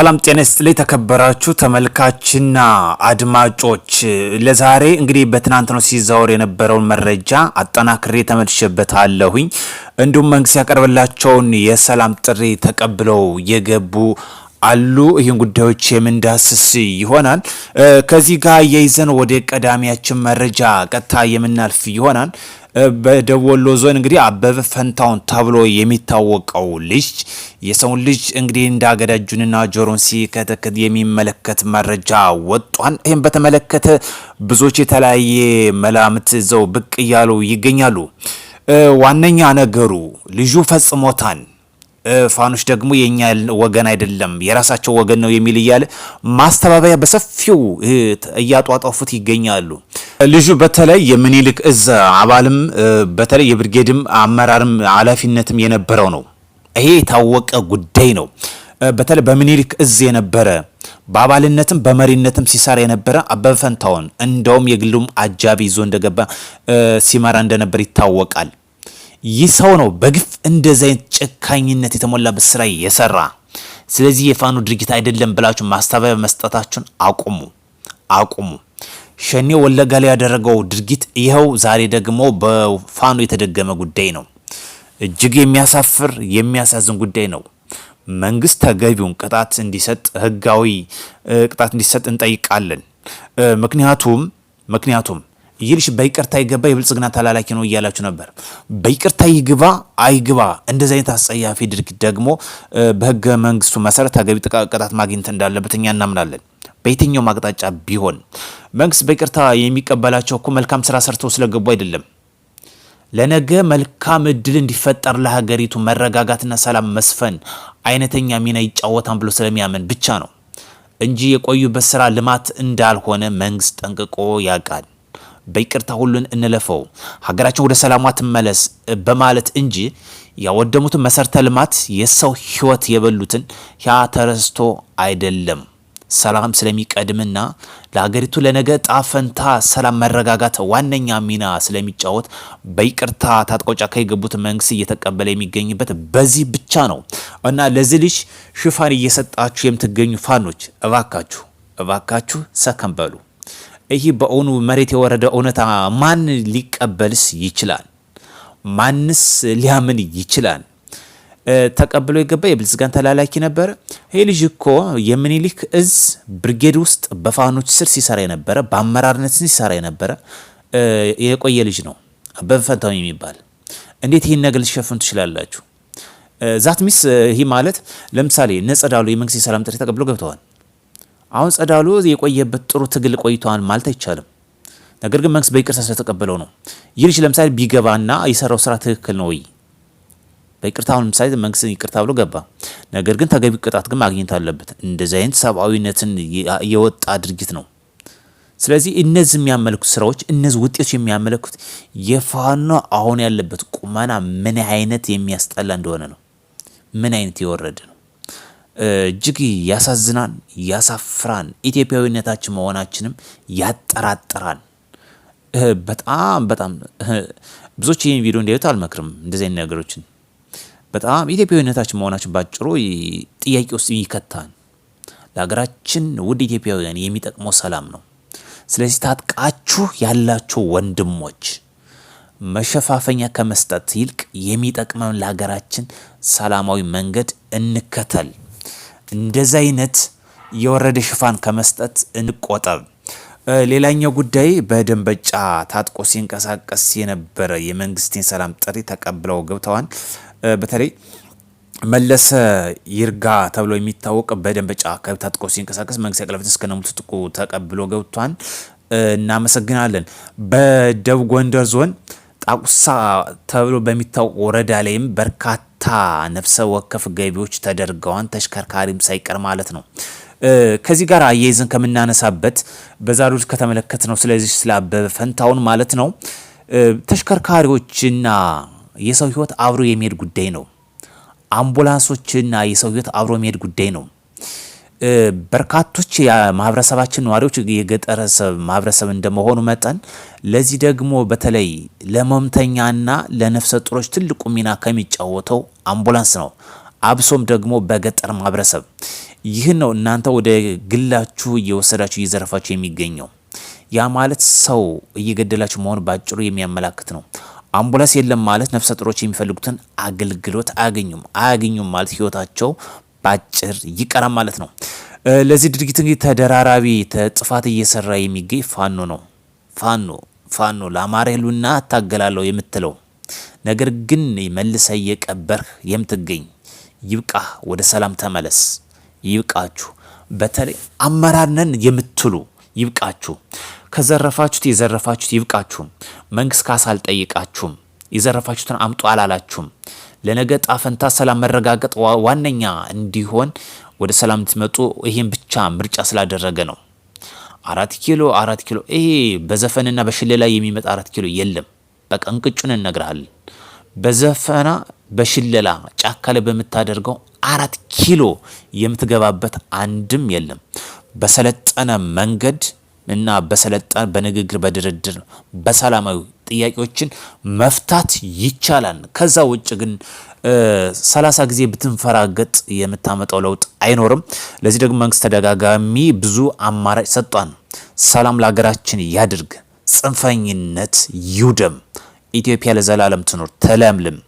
ሰላም ጤና ይስጥልኝ የተከበራችሁ ተመልካችና አድማጮች፣ ለዛሬ እንግዲህ ነው ሲዛወር የነበረውን መረጃ አጠናክሬ ተመልሼበታለሁኝ። እንዲሁም መንግስት ያቀርበላቸውን የሰላም ጥሪ ተቀብለው የገቡ አሉ ይህን ጉዳዮች የምንዳስስ ይሆናል። ከዚህ ጋር የይዘን ወደ ቀዳሚያችን መረጃ ቀጥታ የምናልፍ ይሆናል። በደቡብ ወሎ ዞን እንግዲህ አበበ ፈንታውን ተብሎ የሚታወቀው ልጅ የሰውን ልጅ እንግዲህ እንዳገዳጁንና ጆሮን ሲከተክት የሚመለከት መረጃ ወጧን። ይህም በተመለከተ ብዙዎች የተለያየ መላምት ዘው ብቅ እያሉ ይገኛሉ። ዋነኛ ነገሩ ልጁ ፈጽሞታል ፋኖች ደግሞ የኛ ወገን አይደለም የራሳቸው ወገን ነው የሚል እያለ ማስተባበያ በሰፊው እያጧጧፉት ይገኛሉ። ልጁ በተለይ የምኒልክ እዝ አባልም በተለይ የብርጌድም አመራርም ኃላፊነትም የነበረው ነው። ይሄ የታወቀ ጉዳይ ነው። በተለይ በምኒልክ እዝ የነበረ በአባልነትም በመሪነትም ሲሰራ የነበረ አበበ ፈንታውን እንደውም የግሉም አጃቢ ይዞ እንደገባ ሲመራ እንደነበር ይታወቃል። ይህ ሰው ነው በግፍ እንደዚህ አይነት ጨካኝነት የተሞላበት ስራ የሰራ። ስለዚህ የፋኖ ድርጊት አይደለም ብላችሁ ማስታበያ መስጠታችሁን አቁሙ አቁሙ። ሸኔ ወለጋ ላይ ያደረገው ድርጊት ይኸው ዛሬ ደግሞ በፋኖ የተደገመ ጉዳይ ነው። እጅግ የሚያሳፍር የሚያሳዝን ጉዳይ ነው። መንግስት ተገቢውን ቅጣት እንዲሰጥ ህጋዊ ቅጣት እንዲሰጥ እንጠይቃለን። ምክንያቱም ምክንያቱም ይልሽ በይቅርታ ይገባ የብልጽግና ተላላኪ ነው እያላችሁ ነበር። በይቅርታ ይግባ አይግባ፣ እንደዚህ አይነት አስጸያፊ ድርጊት ደግሞ በህገ መንግስቱ መሰረት ተገቢ ቅጣት ማግኘት እንዳለበት እኛ እናምናለን። በየትኛውም አቅጣጫ ቢሆን መንግስት በይቅርታ የሚቀበላቸው እኮ መልካም ስራ ሰርተው ስለገቡ አይደለም። ለነገ መልካም እድል እንዲፈጠር ለሀገሪቱ መረጋጋትና ሰላም መስፈን አይነተኛ ሚና ይጫወታን ብሎ ስለሚያምን ብቻ ነው እንጂ የቆዩበት ስራ ልማት እንዳልሆነ መንግስት ጠንቅቆ ያውቃል። በይቅርታ ሁሉን እንለፈው፣ ሀገራችን ወደ ሰላሟ ትመለስ በማለት እንጂ ያወደሙትን መሰረተ ልማት የሰው ህይወት የበሉትን ያ ተረስቶ አይደለም። ሰላም ስለሚቀድምና ለሀገሪቱ ለነገ ጣፈንታ ሰላም፣ መረጋጋት ዋነኛ ሚና ስለሚጫወት በይቅርታ ታጥቆ ጫካ የገቡት መንግስት እየተቀበለ የሚገኝበት በዚህ ብቻ ነው እና ለዚህ ልጅ ሽፋን እየሰጣችሁ የምትገኙ ፋኖች እባካችሁ እባካችሁ ሰከን በሉ። ይህ በእውኑ መሬት የወረደ እውነታ ማን ሊቀበልስ ይችላል? ማንስ ሊያምን ይችላል? ተቀብሎ የገባ የብልጽጋን ተላላኪ ነበረ። ይህ ልጅ እኮ የምኒልክ እዝ ብርጌድ ውስጥ በፋኖች ስር ሲሰራ የነበረ በአመራርነት ሲሰራ የነበረ የቆየ ልጅ ነው፣ በፈንታው የሚባል እንዴት ይህን ነገር ልትሸፍኑ ትችላላችሁ? ዛት ሚስ ይህ ማለት ለምሳሌ ነጸዳሉ የመንግስት የሰላም ጥሪ ተቀብሎ ገብተዋል። አሁን ጸዳሉ የቆየበት ጥሩ ትግል ቆይቷል ማለት አይቻልም። ነገር ግን መንግስት በይቅርታ ስለተቀበለው ነው። ይህ ልጅ ለምሳሌ ቢገባና የሰራው ስራ ትክክል ነው ወይ? በይቅርታ አሁን ለምሳሌ መንግስት ይቅርታ ብሎ ገባ። ነገር ግን ተገቢ ቅጣት ግን ማግኘት አለበት። እንደዚህ አይነት ሰብአዊነትን የወጣ ድርጊት ነው። ስለዚህ እነዚህ የሚያመለክቱ ስራዎች እነዚህ ውጤቶች የሚያመለክቱት የፋኖ አሁን ያለበት ቁመና ምን አይነት የሚያስጠላ እንደሆነ ነው። ምን አይነት የወረደ ነው። እጅግ ያሳዝናን፣ ያሳፍራን። ኢትዮጵያዊነታችን መሆናችንም ያጠራጥራን በጣም በጣም ብዙዎች ይህን ቪዲዮ እንዲያዩት አልመክርም። እንደዚህ አይነት ነገሮችን በጣም ኢትዮጵያዊነታችን መሆናችን ባጭሩ ጥያቄ ውስጥ ይከታል። ለሀገራችን ውድ ኢትዮጵያውያን የሚጠቅመው ሰላም ነው። ስለዚህ ታጥቃችሁ ያላችሁ ወንድሞች መሸፋፈኛ ከመስጠት ይልቅ የሚጠቅመን ለሀገራችን ሰላማዊ መንገድ እንከተል። እንደዚህ አይነት የወረደ ሽፋን ከመስጠት እንቆጠብ። ሌላኛው ጉዳይ በደንበጫ ታጥቆ ሲንቀሳቀስ የነበረ የመንግስትን ሰላም ጥሪ ተቀብለው ገብተዋል። በተለይ መለሰ ይርጋ ተብሎ የሚታወቅ በደንበጫ አካባቢ ታጥቆ ሲንቀሳቀስ መንግስት እስከ ነሙት ትጥቁ ተቀብሎ ገብቷል። እናመሰግናለን። በደቡብ ጎንደር ዞን ጣቁሳ ተብሎ በሚታወቅ ወረዳ ላይም በርካታ በርካታ ነፍሰ ወከፍ ገቢዎች ተደርገዋን ተሽከርካሪም ሳይቀር ማለት ነው። ከዚህ ጋር አያይዘን ከምናነሳበት በዛሬው ከተመለከት ነው። ስለዚህ ስለ አበበ ፈንታውን ማለት ነው ተሽከርካሪዎችና የሰው ህይወት አብሮ የሚሄድ ጉዳይ ነው። አምቡላንሶችና የሰው ህይወት አብሮ የሚሄድ ጉዳይ ነው። በርካቶች የማህበረሰባችን ነዋሪዎች የገጠር ማህበረሰብ እንደመሆኑ መጠን ለዚህ ደግሞ በተለይ ለመምተኛና ለነፍሰ ጡሮች ትልቁ ሚና ከሚጫወተው አምቡላንስ ነው። አብሶም ደግሞ በገጠር ማህበረሰብ ይህን ነው እናንተ ወደ ግላችሁ እየወሰዳችሁ እየዘረፋችሁ የሚገኘው። ያ ማለት ሰው እየገደላችሁ መሆን ባጭሩ የሚያመላክት ነው። አምቡላንስ የለም ማለት ነፍሰ ጡሮች የሚፈልጉትን አገልግሎት አያገኙም። አያገኙም ማለት ህይወታቸው አጭር ይቀራል ማለት ነው። ለዚህ ድርጊት እንግዲህ ተደራራቢ ጥፋት እየሰራ የሚገኝ ፋኖ ነው። ፋኖ ፋኖ ለአማራ ህልውና እታገላለሁ የምትለው ነገር ግን መልሰ እየቀበርህ የምትገኝ ይብቃ ወደ ሰላም ተመለስ፣ ይብቃችሁ። በተለይ አመራር ነን የምትሉ ይብቃችሁ። ከዘረፋችሁት የዘረፋችሁት ይብቃችሁም። መንግስት ካሳ አልጠይቃችሁም። የዘረፋችሁትን አምጡ አላላችሁም። ለነገ ጣፈንታ ሰላም መረጋገጥ ዋነኛ እንዲሆን ወደ ሰላም ትመጡ ይህን ብቻ ምርጫ ስላደረገ ነው። አራት ኪሎ አራት ኪሎ ይሄ በዘፈንና በሽለላ የሚመጣ አራት ኪሎ የለም። በቃ እንቅጩን እነግርሃለን። በዘፈና በሽለላ ጫካ ላይ በምታደርገው አራት ኪሎ የምትገባበት አንድም የለም። በሰለጠነ መንገድ እና በሰለጠን በንግግር በድርድር በሰላማዊ ጥያቄዎችን መፍታት ይቻላል። ከዛ ውጭ ግን ሰላሳ ጊዜ ብትንፈራገጥ የምታመጣው ለውጥ አይኖርም። ለዚህ ደግሞ መንግስት ተደጋጋሚ ብዙ አማራጭ ሰጧን። ሰላም ለሀገራችን ያድርግ፣ ጽንፈኝነት ይውደም፣ ኢትዮጵያ ለዘላለም ትኖር፣ ተለምልም።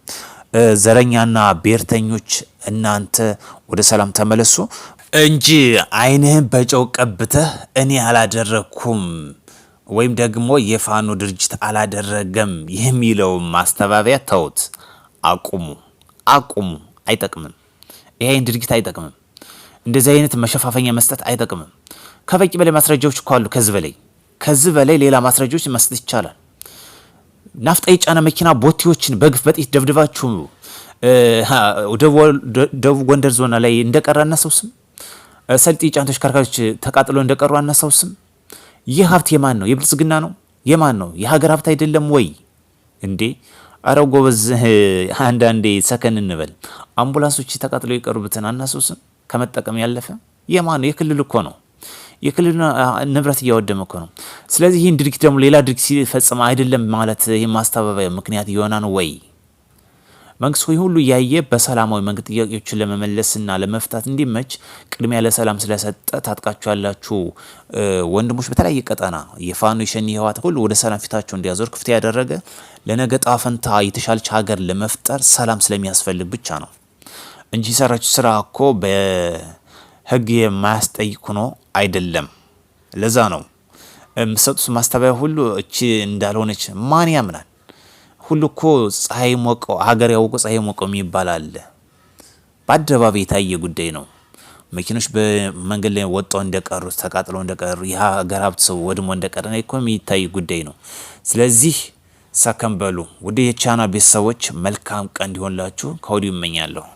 ዘረኛና ብሔርተኞች እናንተ ወደ ሰላም ተመለሱ። እንጂ አይንህን በጨው ቀብተህ እኔ አላደረግኩም ወይም ደግሞ የፋኖ ድርጅት አላደረገም የሚለው ማስተባበያ ተውት፣ አቁሙ፣ አቁሙ። አይጠቅምም። አይን ድርጊት አይጠቅምም። እንደዚህ አይነት መሸፋፈኛ መስጠት አይጠቅምም። ከበቂ በላይ ማስረጃዎች እኮ አሉ። ከዚህ በላይ ከዚህ በላይ ሌላ ማስረጃዎች መስጠት ይቻላል። ናፍጣ የጫነ መኪና ቦቴዎችን በግፍ በጥይት ደብድባችሁ ደቡብ ጎንደር ዞና ላይ እንደቀራ እናሰው ስም ሰልጥ ጫን ተሽከርካሪዎች ተቃጥሎ እንደቀሩ አናሳውስም። ይህ ሀብት የማን ነው? የብልጽግና ነው? የማን ነው? የሀገር ሀብት አይደለም ወይ እንዴ? አረው ጎበዝ፣ አንዳንዴ ሰከን እንበል። አምቡላንሶች ተቃጥለው የቀሩበትን አናሳውስም። ከመጠቀም ያለፈ የማን ነው? የክልል እኮ ነው። የክልል ንብረት እያወደመ እኮ ነው። ስለዚህ ይህን ድርጊት ደግሞ ሌላ ድርጊት ሲፈጽም አይደለም ማለት ይህ ማስተባበያ ምክንያት የሆነ ነው ወይ? መንግስት ሆይ ሁሉ እያየ በሰላማዊ መንገድ ጥያቄዎችን ለመመለስና ለመፍታት እንዲመች ቅድሚያ ለሰላም ስለሰጠ ታጥቃችሁ ያላችሁ ወንድሞች በተለያየ ቀጠና የፋኖ የሸኒ ህወሓት ሁሉ ወደ ሰላም ፊታቸው እንዲያዞር ክፍት ያደረገ ለነገ ጣፈንታ የተሻለች ሀገር ለመፍጠር ሰላም ስለሚያስፈልግ ብቻ ነው እንጂ የሰራችሁ ስራ እኮ በህግ የማያስጠይቅ ሆኖ አይደለም። ለዛ ነው የምሰጡት ማስተባበያ ሁሉ እቺ እንዳልሆነች ማን ያምናል? ሁሉ እኮ ፀሐይ ሞቀው ሀገር ያውቁ ፀሐይ ሞቀው የሚባል አለ። በአደባባይ የታየ ጉዳይ ነው። መኪኖች በመንገድ ላይ ወጣው እንደቀሩ ተቃጥሎ እንደቀሩ ይህ ሀገር ሀብት ሰው ወድሞ እንደቀረ እኮ የሚታይ ጉዳይ ነው። ስለዚህ ሰከንበሉ ውድ የቻና ቤተሰቦች መልካም ቀን እንዲሆንላችሁ ከወዲሁ ይመኛለሁ።